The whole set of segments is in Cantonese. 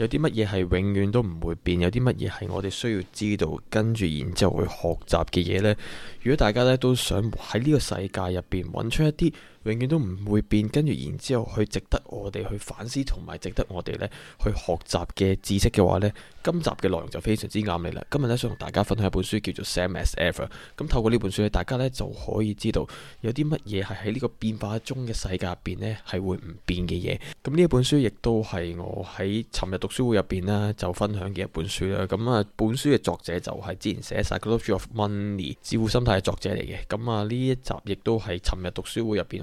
有啲乜嘢係永遠都唔會變，有啲乜嘢係我哋需要知道跟住然之後去學習嘅嘢呢？如果大家咧都想喺呢個世界入邊揾出一啲，永遠都唔會變，跟住然之後佢值得我哋去反思同埋值得我哋呢去學習嘅知識嘅話呢，今集嘅內容就非常之啱你啦。今日呢，想同大家分享一本書叫做 Same as Ever。咁、嗯、透過呢本書咧，大家呢就可以知道有啲乜嘢係喺呢個變化中嘅世界入邊呢，係會唔變嘅嘢。咁、嗯、呢一本書亦都係我喺尋日讀書會入邊呢就分享嘅一本書啦。咁、嗯、啊，本書嘅作者就係之前寫晒《Psychology of Money 致富心態》嘅作者嚟嘅。咁、嗯、啊，呢一集亦都係尋日讀書會入邊。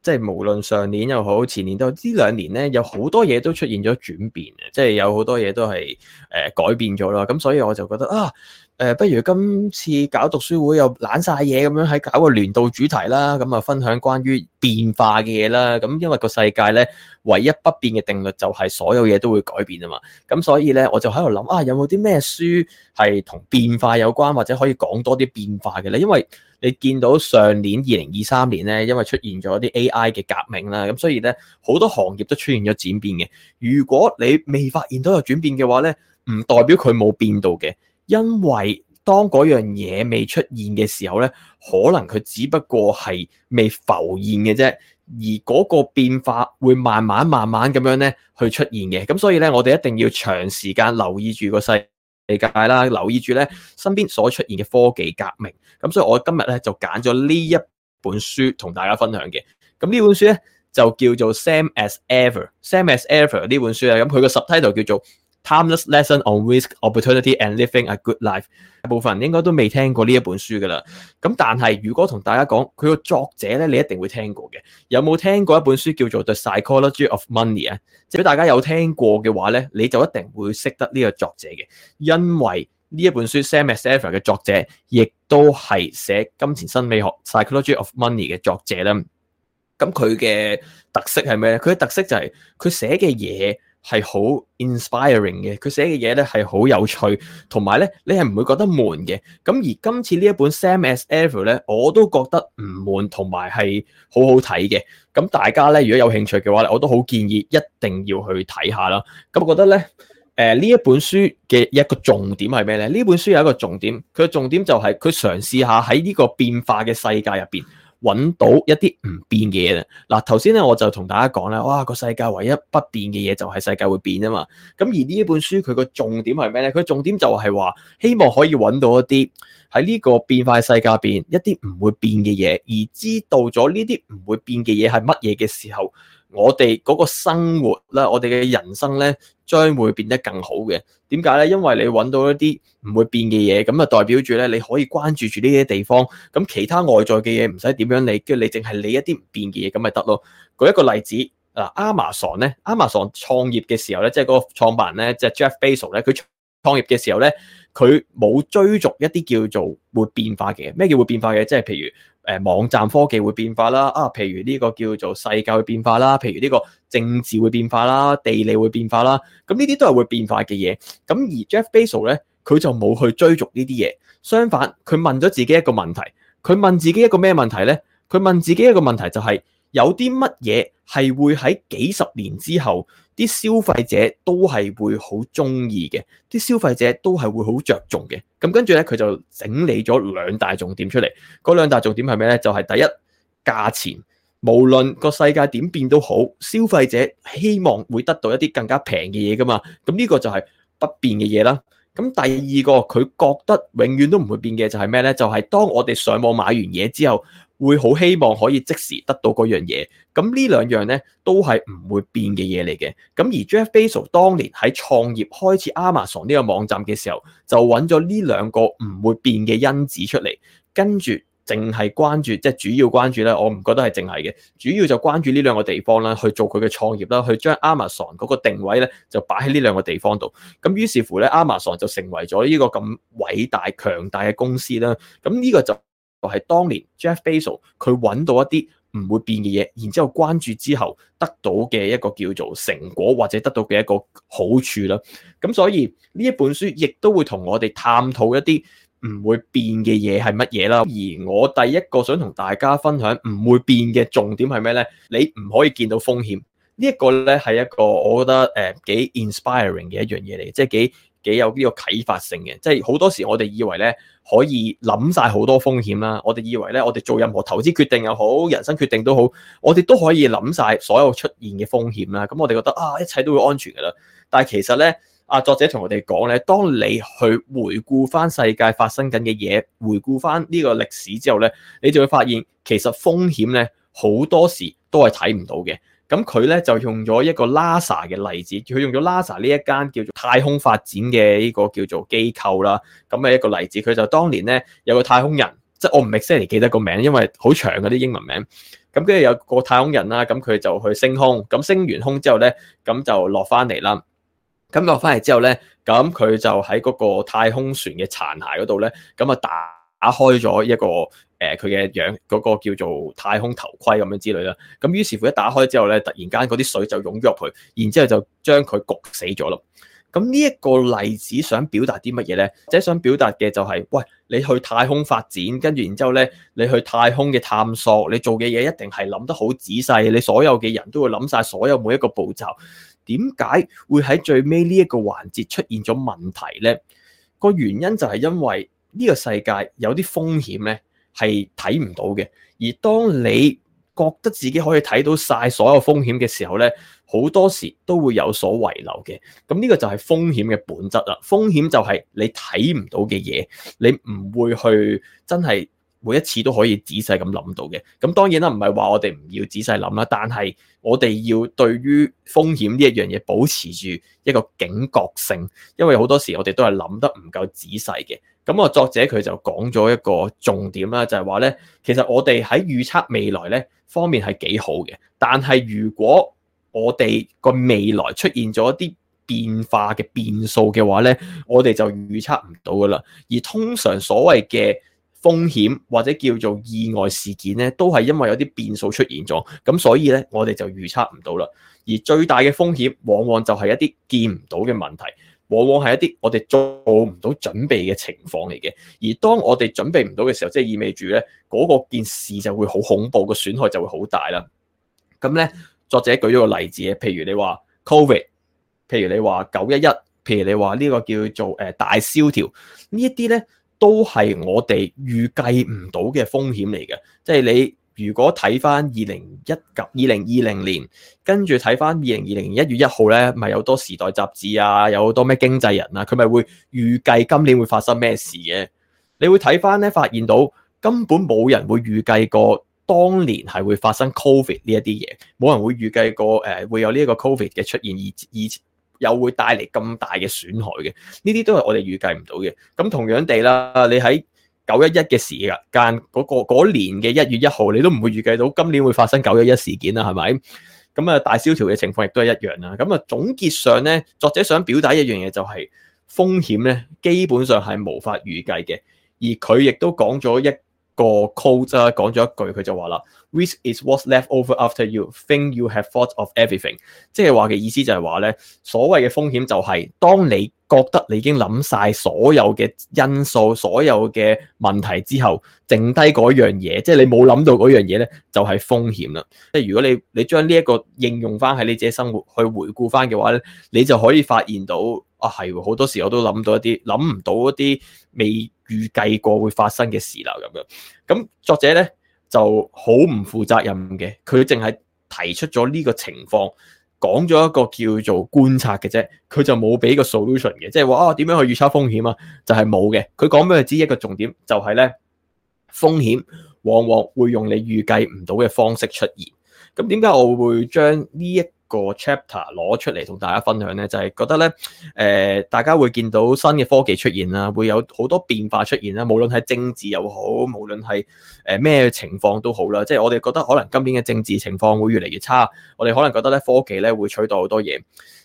即係無論上年又好前年都好，兩年呢兩年咧有好多嘢都出現咗轉變啊！即係有好多嘢都係誒、呃、改變咗啦，咁所以我就覺得啊誒、呃，不如今次搞讀書會又懶晒嘢咁樣，喺搞個年度主題啦，咁啊分享關於變化嘅嘢啦，咁因為個世界咧唯一不變嘅定律就係所有嘢都會改變啊嘛，咁所以咧我就喺度諗啊，有冇啲咩書係同變化有關或者可以講多啲變化嘅咧？因為你見到上年二零二三年咧，因為出現咗啲 AI 嘅革命啦，咁所以咧好多行業都出現咗轉變嘅。如果你未發現到有轉變嘅話咧，唔代表佢冇變到嘅，因為當嗰樣嘢未出現嘅時候咧，可能佢只不過係未浮現嘅啫，而嗰個變化會慢慢慢慢咁樣咧去出現嘅。咁所以咧，我哋一定要長時間留意住個世理解啦，留意住咧身邊所出現嘅科技革命，咁所以我今日咧就揀咗呢一本書同大家分享嘅。咁呢本書咧就叫做 Same as Ever，Same as Ever 呢本書啊，咁佢個 subtitle 就叫做。Timeless lesson on risk, opportunity and living a good life。大部分人應該都未聽過呢一本書噶啦。咁但係如果同大家講佢個作者咧，你一定會聽過嘅。有冇聽過一本書叫做 The Psychology of Money 啊？即係如果大家有聽過嘅話咧，你就一定會識得呢個作者嘅，因為呢一本書 Same as Ever 嘅作者，亦都係寫金錢心理學 Psychology of Money 嘅作者啦。咁佢嘅特色係咩？佢嘅特色就係佢寫嘅嘢。係好 inspiring 嘅，佢寫嘅嘢咧係好有趣，同埋咧你係唔會覺得悶嘅。咁而今次呢一本 Same as Ever 咧，我都覺得唔悶，同埋係好好睇嘅。咁大家咧如果有興趣嘅話咧，我都好建議一定要去睇下啦。咁我覺得咧，誒、呃、呢一本書嘅一個重點係咩咧？呢本書有一個重點，佢嘅重點就係佢嘗試下喺呢個變化嘅世界入邊，揾到一啲唔變嘅嘢，嗱，頭先咧我就同大家講啦。哇，個世界唯一不變嘅嘢就係世界會變啊嘛，咁而呢一本書佢個重點係咩咧？佢重點就係話希望可以揾到一啲喺呢個變化世界入邊一啲唔會變嘅嘢，而知道咗呢啲唔會變嘅嘢係乜嘢嘅時候，我哋嗰個生活啦，我哋嘅人生咧，將會變得更好嘅。點解咧？因為你揾到一啲唔會變嘅嘢，咁啊代表住咧，你可以關注住呢啲地方。咁其他外在嘅嘢唔使點樣理，跟住你淨係理一啲唔變嘅嘢咁咪得咯。舉一個例子，嗱，亞馬遜咧，亞馬遜創業嘅時候咧，即係個創辦人咧，即係 Jeff Bezos 咧，佢創業嘅時候咧，佢冇追逐一啲叫做會變化嘅嘢。咩叫會變化嘅？即係譬如，誒網站科技會變化啦，啊，譬如呢個叫做世界會變化啦，譬如呢個政治會變化啦，地理會變化啦，咁呢啲都係會變化嘅嘢。咁而 Jeff Bezos 咧，佢就冇去追逐呢啲嘢，相反，佢問咗自己一個問題，佢問自己一個咩問題咧？佢問自己一個問題就係、是、有啲乜嘢？係會喺幾十年之後，啲消費者都係會好中意嘅，啲消費者都係會好着重嘅。咁跟住咧，佢就整理咗兩大重點出嚟。嗰兩大重點係咩咧？就係、是、第一，價錢無論個世界點變都好，消費者希望會得到一啲更加平嘅嘢噶嘛。咁呢個就係不變嘅嘢啦。咁第二個佢覺得永遠都唔會變嘅就係咩咧？就係、是、當我哋上網買完嘢之後。會好希望可以即時得到嗰樣嘢，咁呢兩樣咧都係唔會變嘅嘢嚟嘅。咁而 Jeff Bezos 當年喺創業開始 Amazon 呢個網站嘅時候，就揾咗呢兩個唔會變嘅因子出嚟，跟住淨係關注即係主要關注咧，我唔覺得係淨係嘅，主要就關注呢兩個地方啦，去做佢嘅創業啦，去將 Amazon 嗰個定位咧就擺喺呢兩個地方度。咁於是乎咧，Amazon 就成為咗呢個咁偉大強大嘅公司啦。咁呢個就。就係當年 Jeff Bezos 佢揾到一啲唔會變嘅嘢，然之後關注之後得到嘅一個叫做成果，或者得到嘅一個好處啦。咁所以呢一本書亦都會同我哋探討一啲唔會變嘅嘢係乜嘢啦。而我第一個想同大家分享唔會變嘅重點係咩咧？你唔可以見到風險。這個、呢一個咧係一個我覺得誒幾 inspiring 嘅一樣嘢嚟，即係幾。幾有呢個啟發性嘅，即係好多時我哋以為咧可以諗晒好多風險啦，我哋以為咧我哋做任何投資決定又好，人生決定都好，我哋都可以諗晒所有出現嘅風險啦。咁我哋覺得啊，一切都會安全噶啦。但係其實咧，阿作者同我哋講咧，當你去回顧翻世界發生緊嘅嘢，回顧翻呢個歷史之後咧，你就會發現，其實風險咧好多時都係睇唔到嘅。咁佢咧就用咗一個 NASA 嘅例子，佢用咗 NASA 呢一間叫做太空發展嘅呢個叫做機構啦。咁嘅一個例子，佢就當年咧有個太空人，即係我唔 exactly 記得個名，因為好長嗰啲英文名。咁跟住有個太空人啦，咁佢就去升空，咁升完空之後咧，咁就落翻嚟啦。咁落翻嚟之後咧，咁佢就喺嗰個太空船嘅殘骸嗰度咧，咁啊打開咗一個。誒，佢嘅、呃、樣嗰、個叫做太空頭盔咁樣之類啦，咁於是乎一打開之後咧，突然間嗰啲水就湧咗入去，然之後就將佢焗死咗咯。咁呢一個例子想表達啲乜嘢咧？即係想表達嘅就係、是，喂，你去太空發展，跟住然之後咧，你去太空嘅探索，你做嘅嘢一定係諗得好仔細，你所有嘅人都會諗晒所有每一個步驟。點解會喺最尾呢一個環節出現咗問題咧？個原因就係因為呢個世界有啲風險咧。係睇唔到嘅，而當你覺得自己可以睇到晒所有風險嘅時候咧，好多時都會有所遺留嘅。咁呢個就係風險嘅本質啦。風險就係你睇唔到嘅嘢，你唔會去真係。每一次都可以仔細咁諗到嘅，咁當然啦，唔係話我哋唔要仔細諗啦，但係我哋要對於風險呢一樣嘢保持住一個警覺性，因為好多時我哋都係諗得唔夠仔細嘅。咁啊，作者佢就講咗一個重點啦，就係話咧，其實我哋喺預測未來咧方面係幾好嘅，但係如果我哋個未來出現咗一啲變化嘅變數嘅話咧，我哋就預測唔到㗎喇。而通常所謂嘅風險或者叫做意外事件咧，都係因為有啲變數出現咗，咁所以咧，我哋就預測唔到啦。而最大嘅風險，往往就係一啲見唔到嘅問題，往往係一啲我哋做唔到準備嘅情況嚟嘅。而當我哋準備唔到嘅時候，即係意味住咧，嗰個件事就會好恐怖，個損害就會好大啦。咁咧，作者舉咗個例子，譬如你話 covid，譬如你話九一一，譬如你話呢個叫做誒大蕭條，呢一啲咧。都係我哋預計唔到嘅風險嚟嘅，即係你如果睇翻二零一九二零二零年，跟住睇翻二零二零一月一號咧，咪有多時代雜誌啊，有好多咩經濟人啊，佢咪會預計今年會發生咩事嘅，啊？你會睇翻咧，發現到根本冇人會預計過當年係會發生 COVID 呢一啲嘢，冇人會預計過誒會有呢一個 COVID 嘅出現而而。又會帶嚟咁大嘅損害嘅，呢啲都係我哋預計唔到嘅。咁同樣地啦，你喺九一一嘅時間嗰個嗰年嘅一月一號，你都唔會預計到今年會發生九一一事件啦，係咪？咁啊，大蕭條嘅情況亦都係一樣啦。咁啊，總結上咧，作者想表達一樣嘢就係風險咧，基本上係無法預計嘅。而佢亦都講咗一個 code 啫，講咗一句，佢就話啦：Which is what's left over after you think you have thought of everything。即係話嘅意思就係話咧，所謂嘅風險就係，當你覺得你已經諗晒所有嘅因素、所有嘅問題之後，剩低嗰樣嘢，即係你冇諗到嗰樣嘢咧，就係風險啦。即係如果你你將呢一個應用翻喺你自己生活去回顧翻嘅話咧，你就可以發現到啊，係好多時我都諗到一啲，諗唔到一啲未預計過會發生嘅事啦，咁樣，咁作者咧就好唔負責任嘅，佢淨係提出咗呢個情況，講咗一個叫做觀察嘅啫，佢就冇俾個 solution 嘅，即係話啊點樣去預測風險啊，就係冇嘅。佢講俾佢知一個重點就係、是、咧，風險往往會用你預計唔到嘅方式出現。咁點解我會將呢一個 chapter 攞出嚟同大家分享咧，就係、是、覺得咧，誒、呃、大家會見到新嘅科技出現啦，會有好多變化出現啦。無論係政治又好，無論係誒咩情況都好啦。即、就、係、是、我哋覺得可能今年嘅政治情況會越嚟越差，我哋可能覺得咧科技咧會取代好多嘢。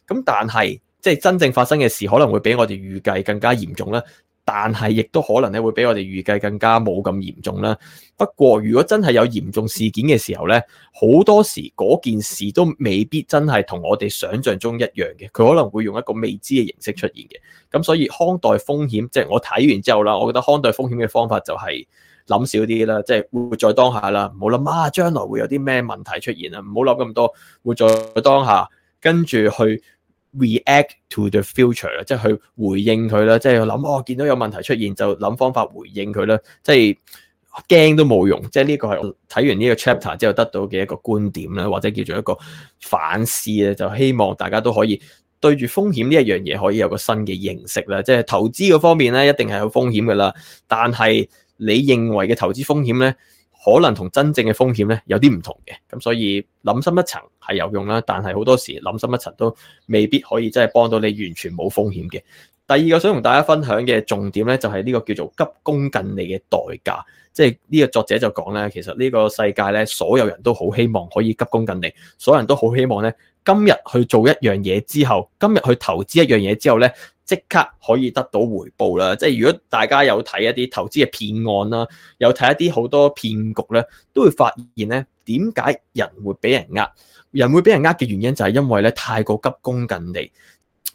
咁但係即係真正發生嘅事，可能會比我哋預計更加嚴重啦。但係亦都可能咧，會比我哋預計更加冇咁嚴重啦。不過如果真係有嚴重事件嘅時候咧，好多時嗰件事都未必真係同我哋想象中一樣嘅，佢可能會用一個未知嘅形式出現嘅。咁所以看待風險，即係我睇完之後啦，我覺得看待風險嘅方法就係諗少啲啦，即係活在當下啦，唔好諗啊將來會有啲咩問題出現啊，唔好諗咁多，活在當下，跟住去。React to the future 啦，即係去回應佢啦，即係諗，我、哦、見到有問題出現就諗方法回應佢啦，即係驚都冇用，即係呢個係睇完呢個 chapter 之後得到嘅一個觀點啦，或者叫做一個反思咧，就希望大家都可以對住風,風,風險呢一樣嘢可以有個新嘅認識啦，即係投資嗰方面咧一定係有風險噶啦，但係你認為嘅投資風險咧？可能同真正嘅風險咧有啲唔同嘅，咁所以諗深一層係有用啦，但係好多時諗深一層都未必可以真係幫到你完全冇風險嘅。第二個想同大家分享嘅重點咧，就係呢個叫做急功近利嘅代價，即係呢個作者就講咧，其實呢個世界咧，所有人都好希望可以急功近利，所有人都好希望咧，今日去做一樣嘢之後，今日去投資一樣嘢之後咧，即刻可以得到回報啦！即係如果大家有睇一啲投資嘅騙案啦，有睇一啲好多騙局咧，都會發現咧點解人會俾人呃？人會俾人呃嘅原因就係因為咧太過急功近利。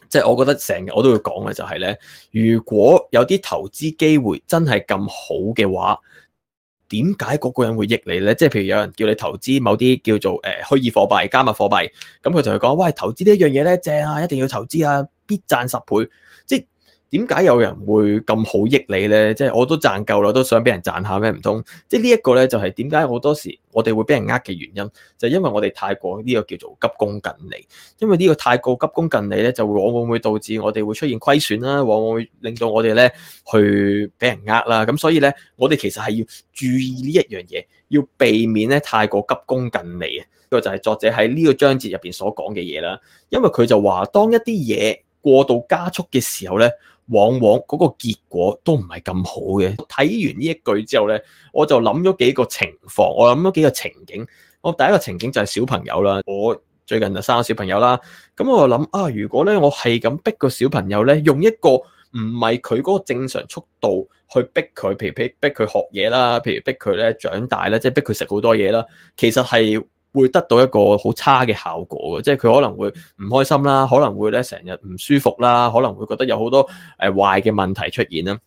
即係我覺得成日我都要講嘅就係咧，如果有啲投資機會真係咁好嘅話。點解嗰個人會逆你呢？即係譬如有人叫你投資某啲叫做誒虛擬貨幣、加密貨幣，咁佢就會講：「喂，投資呢一樣嘢咧正啊，一定要投資啊，必賺十倍！即係。點解有人會咁好益你咧？即係我都賺夠啦，都想俾人賺下咩？唔通即係呢一個咧，就係點解好多時我哋會俾人呃嘅原因，就因為我哋太過呢個叫做急功近利。因為呢個太過急功近利咧，就往往會導致我哋會出現虧損啦，往往會令到我哋咧去俾人呃啦。咁所以咧，我哋其實係要注意呢一樣嘢，要避免咧太過急功近利啊。呢個就係作者喺呢個章節入邊所講嘅嘢啦。因為佢就話，當一啲嘢過度加速嘅時候咧。往往嗰個結果都唔係咁好嘅。睇完呢一句之後咧，我就諗咗幾個情況，我諗咗幾個情景。我第一個情景就係小朋友啦，我最近就生咗小朋友啦。咁、嗯、我就諗啊，如果咧我係咁逼個小朋友咧，用一個唔係佢嗰個正常速度去逼佢，譬如逼逼佢學嘢啦，譬如逼佢咧長大啦，即係逼佢食好多嘢啦，其實係。會得到一個好差嘅效果嘅，即係佢可能會唔開心啦，可能會咧成日唔舒服啦，可能會覺得有好多誒壞嘅問題出現啦。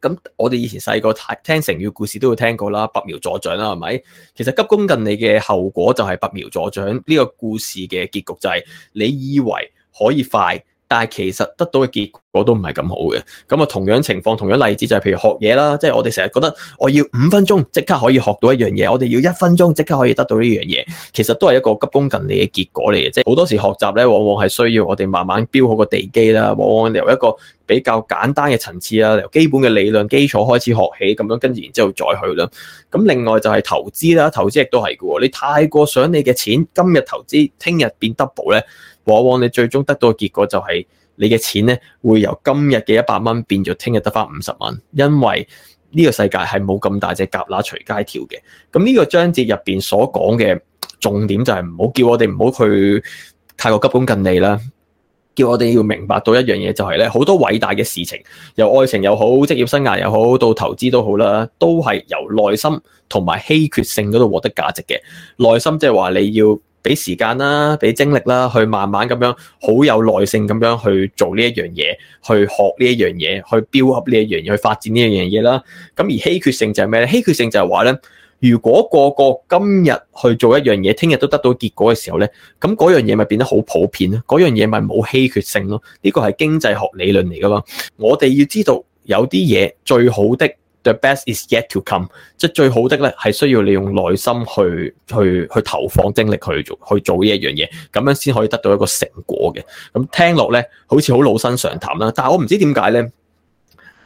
咁我哋以前細個聽成語故事都會聽過啦，拔苗助長啦，係咪？其實急功近利嘅後果就係拔苗助長呢個故事嘅結局就係、是、你以為可以快。但係其實得到嘅結果都唔係咁好嘅，咁啊同樣情況，同樣例子就係譬如學嘢啦，即係我哋成日覺得我要五分鐘即刻可以學到一樣嘢，我哋要一分鐘即刻可以得到呢樣嘢，其實都係一個急功近利嘅結果嚟嘅，即係好多時學習咧，往往係需要我哋慢慢標好個地基啦，往往由一個。比較簡單嘅層次啦，由基本嘅理論基礎開始學起，咁樣跟住然之後再去啦。咁另外就係投資啦，投資亦都係嘅喎。你太過想你嘅錢今日投資，聽日變 double 咧，往往你最終得到嘅結果就係、是、你嘅錢咧會由今日嘅一百蚊變咗聽日得翻五十蚊，因為呢個世界係冇咁大隻蛤乸隨街跳嘅。咁呢個章節入邊所講嘅重點就係唔好叫我哋唔好去太過急功近利啦。叫我哋要明白到一樣嘢，就係咧，好多偉大嘅事情，由愛情又好，職業生涯又好，到投資都好啦，都係由耐心同埋稀缺性嗰度獲得價值嘅。耐心即係話你要俾時間啦，俾精力啦，去慢慢咁樣好有耐性咁樣去做呢一樣嘢，去學呢一樣嘢，去 build up 呢一樣嘢，去發展呢樣嘢啦。咁而稀缺性就係咩咧？稀缺性就係話咧。如果個個今日去做一樣嘢，聽日都得到結果嘅時候呢，咁嗰樣嘢咪變得好普遍咯，嗰樣嘢咪冇稀缺性咯。呢個係經濟學理論嚟㗎嘛。我哋要知道有啲嘢最好的，the best is yet to come，即係最好的呢，係需要你用耐心去去去投放精力去做去做呢一樣嘢，咁樣先可以得到一個成果嘅。咁聽落呢，好似好老生常談啦，但係我唔知點解呢。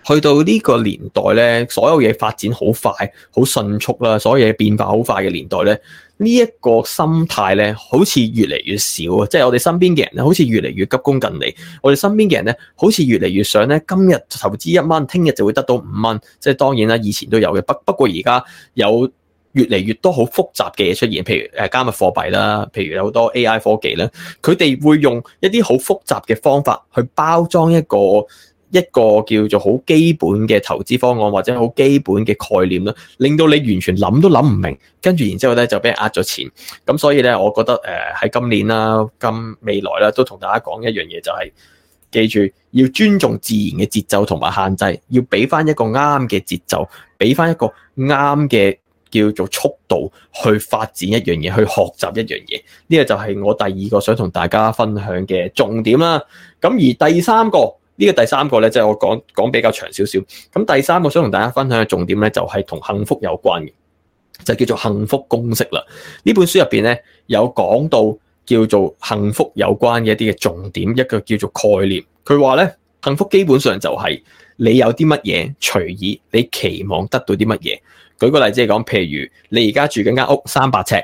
去到呢個年代咧，所有嘢發展好快，好迅速啦，所有嘢變化好快嘅年代咧，呢一個心態咧，好似越嚟越少啊！即係我哋身邊嘅人咧，好似越嚟越急功近利。我哋身邊嘅人咧，好似越嚟越想咧，今日投資一蚊，聽日就會得到五蚊。即係當然啦，以前都有嘅，不不過而家有越嚟越多好複雜嘅嘢出現，譬如誒加密貨幣啦，譬如有好多 AI 科技咧，佢哋會用一啲好複雜嘅方法去包裝一個。一個叫做好基本嘅投資方案或者好基本嘅概念咯，令到你完全諗都諗唔明，跟住然之後呢，就俾人呃咗錢。咁所以呢，我覺得誒喺今年啦，咁未來啦，都同大家講一樣嘢，就係，就係記住要尊重自然嘅節奏同埋限制，要俾翻一個啱嘅節奏，俾翻一個啱嘅叫做速度去發展一樣嘢，去學習一樣嘢。呢個就係我第二個想同大家分享嘅重點啦。咁而第三個。呢個第三個咧，即係我講講比較長少少。咁第三個想同大家分享嘅重點咧，就係同幸福有關嘅，就叫做幸福公式啦。呢本書入邊咧有講到叫做幸福有關嘅一啲嘅重點，一個叫做概念。佢話咧幸福基本上就係你有啲乜嘢，隨意你期望得到啲乜嘢。舉個例子嚟講，譬如你而家住緊間屋三百尺。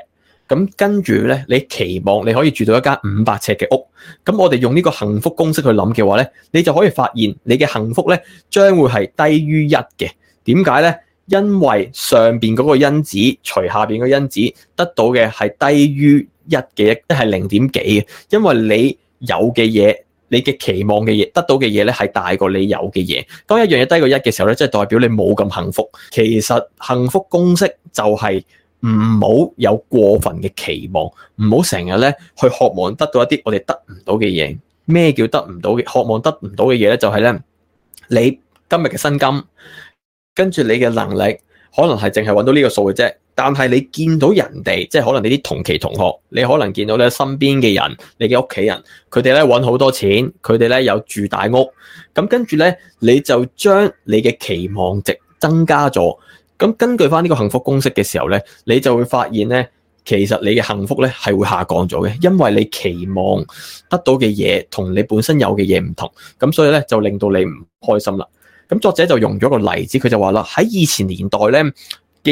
咁跟住咧，你期望你可以住到一間五百尺嘅屋，咁我哋用呢個幸福公式去諗嘅話咧，你就可以發現你嘅幸福咧將會係低於一嘅。點解咧？因為上邊嗰個因子除下邊嗰因子得到嘅係低於一嘅，即係零點幾嘅。因為你有嘅嘢，你嘅期望嘅嘢得到嘅嘢咧係大過你有嘅嘢。當一樣嘢低過一嘅時候咧，即係代表你冇咁幸福。其實幸福公式就係，唔好有過分嘅期望，唔好成日咧去渴望得到一啲我哋得唔到嘅嘢。咩叫得唔到嘅？渴望得唔到嘅嘢咧，就係咧，你今日嘅薪金，跟住你嘅能力，可能係淨係揾到呢個數嘅啫。但係你見到人哋，即係可能你啲同期同學，你可能見到咧身邊嘅人，你嘅屋企人，佢哋咧揾好多錢，佢哋咧有住大屋。咁跟住咧，你就將你嘅期望值增加咗。咁根據翻呢個幸福公式嘅時候呢，你就會發現呢，其實你嘅幸福呢係會下降咗嘅，因為你期望得到嘅嘢同你本身有嘅嘢唔同，咁所以呢就令到你唔開心啦。咁作者就用咗一個例子，佢就話啦，喺以前年代呢，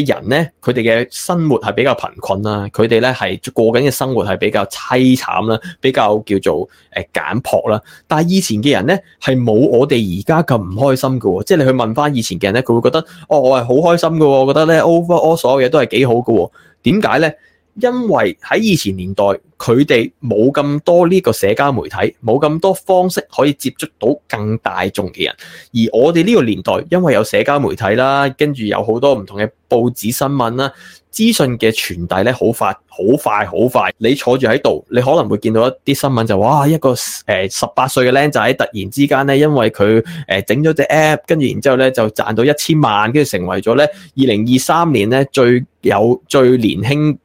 嘅人咧，佢哋嘅生活係比較貧困啦，佢哋咧係過緊嘅生活係比較淒慘啦，比較叫做誒簡樸啦。但係以前嘅人咧，係冇我哋而家咁唔開心㗎喎。即係你去問返以前嘅人咧，佢會覺得，哦，我係好開心㗎喎，我覺得咧，overall 所有嘢都係幾好㗎喎。點解咧？因為喺以前年代，佢哋冇咁多呢個社交媒體，冇咁多方式可以接觸到更大眾嘅人。而我哋呢個年代，因為有社交媒體啦，跟住有好多唔同嘅報紙新聞啦，資訊嘅傳遞咧好快，好快，好快。你坐住喺度，你可能會見到一啲新聞，就哇一個誒十八歲嘅僆仔，突然之間咧，因為佢誒整咗隻 App，跟住然之後咧就賺到一千萬，跟住成為咗咧二零二三年咧最有最年輕。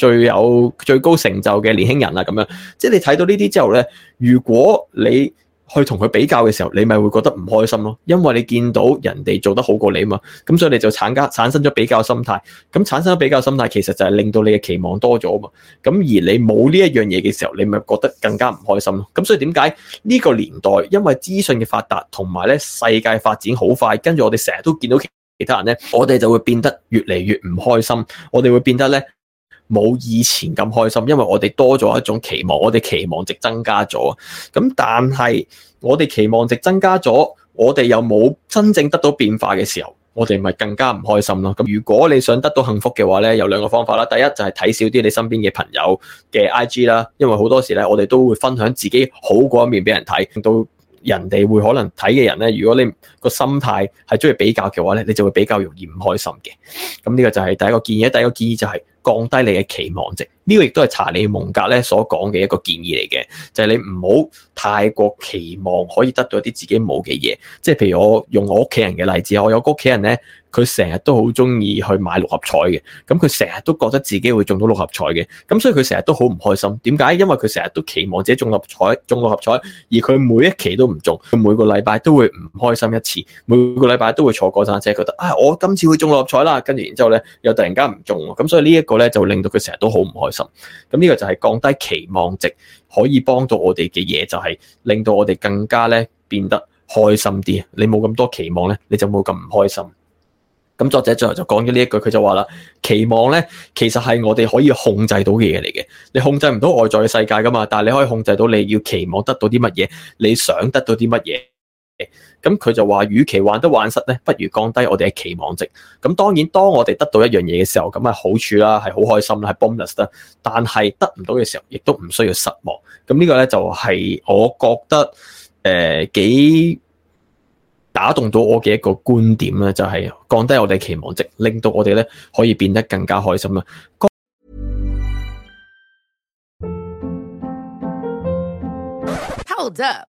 最有最高成就嘅年輕人啦，咁樣，即係你睇到呢啲之後呢，如果你去同佢比較嘅時候，你咪會覺得唔開心咯，因為你見到人哋做得好過你嘛，咁所以你就產生產生咗比較心態，咁產生咗比較心態，其實就係令到你嘅期望多咗嘛，咁而你冇呢一樣嘢嘅時候，你咪覺得更加唔開心咯，咁所以點解呢個年代，因為資訊嘅發達同埋呢世界發展好快，跟住我哋成日都見到其他人呢，我哋就會變得越嚟越唔開心，我哋會變得呢。冇以前咁開心，因為我哋多咗一種期望，我哋期望值增加咗。咁但係我哋期望值增加咗，我哋又冇真正得到變化嘅時候，我哋咪更加唔開心咯。咁如果你想得到幸福嘅話咧，有兩個方法啦。第一就係睇少啲你身邊嘅朋友嘅 IG 啦，因為好多時咧，我哋都會分享自己好嗰一面俾人睇，到人哋會可能睇嘅人咧，如果你個心態係鍾意比較嘅話咧，你就會比較容易唔開心嘅。咁呢個就係第一個建議。第一個建議就係、是，降低你嘅期望值，呢個亦都係查理蒙格咧所講嘅一個建議嚟嘅，就係你唔好太過期望可以得到一啲自己冇嘅嘢，即係譬如我用我屋企人嘅例子，我有個屋企人咧，佢成日都好中意去買六合彩嘅，咁佢成日都覺得自己會中到六合彩嘅，咁所以佢成日都好唔開心，點解？因為，佢成日都期望自己中六合彩，中六合彩，而佢每一期都唔中，佢每個禮拜都會唔開心一次，每個禮拜都會坐過山車，覺得啊、哎，我今次會中六合彩啦，跟住然之後咧，又突然間唔中，咁所以呢一個個咧就令到佢成日都好唔開心，咁呢個就係降低期望值可以幫到我哋嘅嘢，就係令到我哋更加咧變得開心啲。你冇咁多期望咧，你就冇咁唔開心。咁作者最後就講咗呢一句，佢就話啦：期望咧其實係我哋可以控制到嘅嘢嚟嘅，你控制唔到外在嘅世界噶嘛，但係你可以控制到你要期望得到啲乜嘢，你想得到啲乜嘢。咁佢就話，與其患得患失咧，不如降低我哋嘅期望值。咁當然，當我哋得到一樣嘢嘅時候，咁啊好處啦，係好開心啦，係 bonus 啦。但係得唔到嘅時候，亦都唔需要失望。咁呢個咧就係我覺得誒、呃、幾打動到我嘅一個觀點咧，就係降低我哋嘅期望值，令到我哋咧可以變得更加開心啦。Hold up。